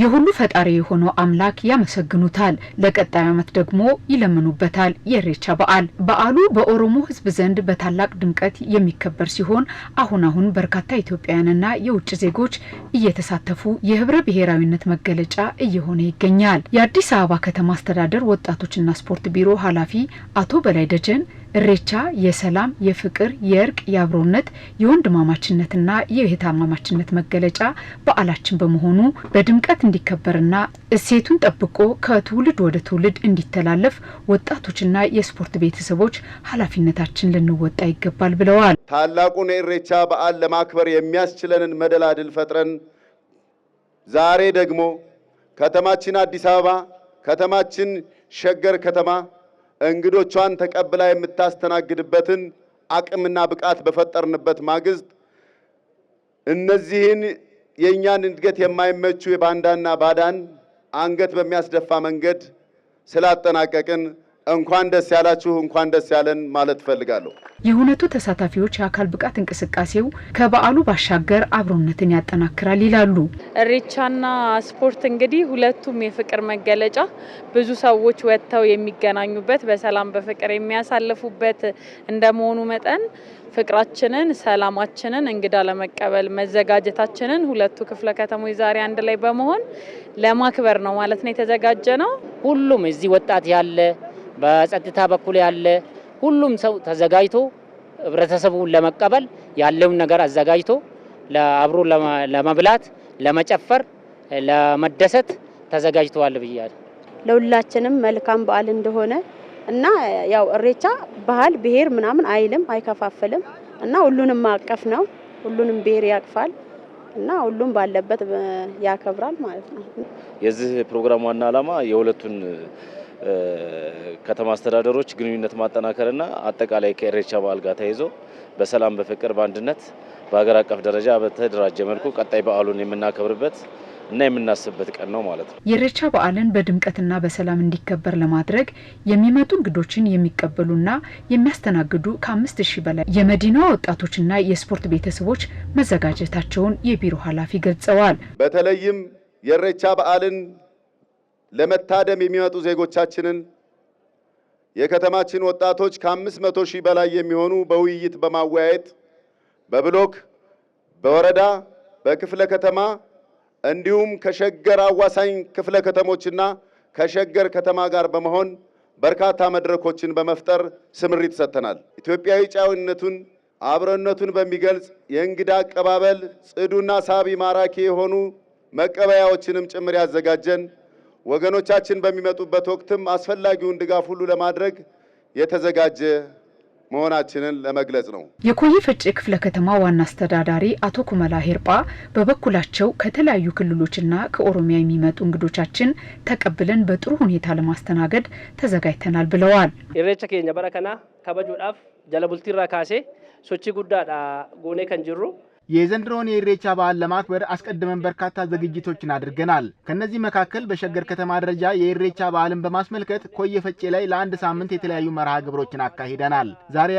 የሁሉ ፈጣሪ የሆነው አምላክ ያመሰግኑታል። ለቀጣይ ዓመት ደግሞ ይለምኑበታል። የኢሬቻ በዓል በዓሉ በኦሮሞ ሕዝብ ዘንድ በታላቅ ድምቀት የሚከበር ሲሆን አሁን አሁን በርካታ ኢትዮጵያውያንና የውጭ ዜጎች እየተሳተፉ የህብረ ብሔራዊነት መገለጫ እየሆነ ይገኛል። የአዲስ አበባ ከተማ አስተዳደር ወጣቶችና ስፖርት ቢሮ ኃላፊ አቶ በላይ ደጀን እሬቻ የሰላም፣ የፍቅር፣ የእርቅ፣ የአብሮነት፣ የወንድማማችነትና የእህትማማችነት መገለጫ በዓላችን በመሆኑ በድምቀት እንዲከበርና እሴቱን ጠብቆ ከትውልድ ወደ ትውልድ እንዲተላለፍ ወጣቶችና የስፖርት ቤተሰቦች ኃላፊነታችን ልንወጣ ይገባል ብለዋል። ታላቁን የእሬቻ በዓል ለማክበር የሚያስችለንን መደላድል ፈጥረን ዛሬ ደግሞ ከተማችን አዲስ አበባ ከተማችን ሸገር ከተማ እንግዶቿን ተቀብላ የምታስተናግድበትን አቅምና ብቃት በፈጠርንበት ማግስት እነዚህን የእኛን እድገት የማይመቹ የባንዳና ባዳን አንገት በሚያስደፋ መንገድ ስላጠናቀቅን እንኳን ደስ ያላችሁ እንኳን ደስ ያለን ማለት እፈልጋለሁ። የሁነቱ ተሳታፊዎች የአካል ብቃት እንቅስቃሴው ከበዓሉ ባሻገር አብሮነትን ያጠናክራል ይላሉ። እሬቻና ስፖርት እንግዲህ ሁለቱም የፍቅር መገለጫ፣ ብዙ ሰዎች ወጥተው የሚገናኙበት በሰላም በፍቅር የሚያሳልፉበት እንደመሆኑ መጠን ፍቅራችንን፣ ሰላማችንን፣ እንግዳ ለመቀበል መዘጋጀታችንን ሁለቱ ክፍለ ከተሞች ዛሬ አንድ ላይ በመሆን ለማክበር ነው ማለት ነው የተዘጋጀ ነው። ሁሉም እዚህ ወጣት ያለ በጸጥታ በኩል ያለ ሁሉም ሰው ተዘጋጅቶ ህብረተሰቡን ለመቀበል ያለውን ነገር አዘጋጅቶ አብሮ ለመብላት፣ ለመጨፈር፣ ለመደሰት ተዘጋጅተዋል ብያል። ለሁላችንም መልካም በዓል እንደሆነ እና ያው እሬቻ ባህል ብሄር ምናምን አይልም አይከፋፍልም እና ሁሉንም ማቀፍ ነው። ሁሉንም ብሔር ያቅፋል እና ሁሉም ባለበት ያከብራል ማለት ነው። የዚህ ፕሮግራም ዋና ዓላማ የሁለቱን ከተማ አስተዳደሮች ግንኙነት ማጠናከርና አጠቃላይ ከኢሬቻ በዓል ጋር ተይዞ በሰላም በፍቅር በአንድነት በሀገር አቀፍ ደረጃ በተደራጀ መልኩ ቀጣይ በዓሉን የምናከብርበት እና የምናስብበት ቀን ነው ማለት ነው። የኢሬቻ በዓልን በድምቀትና በሰላም እንዲከበር ለማድረግ የሚመጡ እንግዶችን የሚቀበሉና የሚያስተናግዱ ከአምስት ሺህ በላይ የመዲናዋ ወጣቶችና የስፖርት ቤተሰቦች መዘጋጀታቸውን የቢሮ ኃላፊ ገልጸዋል። በተለይም የኢሬቻ በዓልን ለመታደም የሚመጡ ዜጎቻችንን የከተማችን ወጣቶች ከአምስት መቶ ሺህ በላይ የሚሆኑ በውይይት በማወያየት በብሎክ በወረዳ በክፍለ ከተማ እንዲሁም ከሸገር አዋሳኝ ክፍለ ከተሞችና ከሸገር ከተማ ጋር በመሆን በርካታ መድረኮችን በመፍጠር ስምሪት ሰጥተናል። ኢትዮጵያዊ ጫዊነቱን አብሮነቱን በሚገልጽ የእንግዳ አቀባበል ጽዱና ሳቢ ማራኪ የሆኑ መቀበያዎችንም ጭምር ያዘጋጀን ወገኖቻችን በሚመጡበት ወቅትም አስፈላጊውን ድጋፍ ሁሉ ለማድረግ የተዘጋጀ መሆናችንን ለመግለጽ ነው። የኮዬ ፈጬ ክፍለ ከተማ ዋና አስተዳዳሪ አቶ ኩመላ ሄርጳ በበኩላቸው ከተለያዩ ክልሎችና ከኦሮሚያ የሚመጡ እንግዶቻችን ተቀብለን በጥሩ ሁኔታ ለማስተናገድ ተዘጋጅተናል ብለዋል። ኢሬቻ ኬኛ በረከና ከበጁ ዳፍ ጀለቡልቲራ ካሴ ሶቺ ጉዳ ጎኔ ከንጅሩ የዘንድሮን የኢሬቻ በዓል ለማክበር አስቀድመን በርካታ ዝግጅቶችን አድርገናል። ከነዚህ መካከል በሸገር ከተማ ደረጃ የኢሬቻ በዓልን በማስመልከት ኮየ ፈጬ ላይ ለአንድ ሳምንት የተለያዩ መርሃ ግብሮችን አካሂደናል። ዛሬ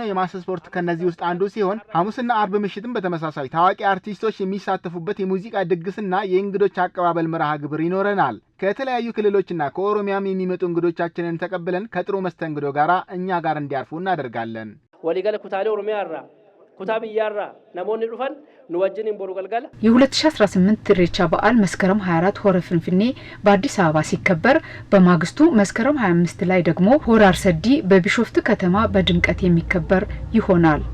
ነው የማስ ስፖርት ከነዚህ ውስጥ አንዱ ሲሆን ሐሙስና አርብ ምሽትም በተመሳሳይ ታዋቂ አርቲስቶች የሚሳተፉበት የሙዚቃ ድግስና የእንግዶች አቀባበል መርሃ ግብር ይኖረናል። ከተለያዩ ክልሎችና ከኦሮሚያም የሚመጡ እንግዶቻችንን ተቀብለን ከጥሩ መስተንግዶ ጋር እኛ ጋር እንዲያርፉ እናደርጋለን። ወሊገለ ኩታሌ ኦሮሚያ ኩታብያራ ነሞን ዱፈን ንወጅን ቦሩ ገልገለ የ2018 ኢሬቻ በዓል መስከረም 24 ሆረ ፍንፍኔ በአዲስ አበባ ሲከበር በማግስቱ መስከረም 25 ላይ ደግሞ ሆረ አርሰዲ በቢሾፍት ከተማ በድምቀት የሚከበር ይሆናል።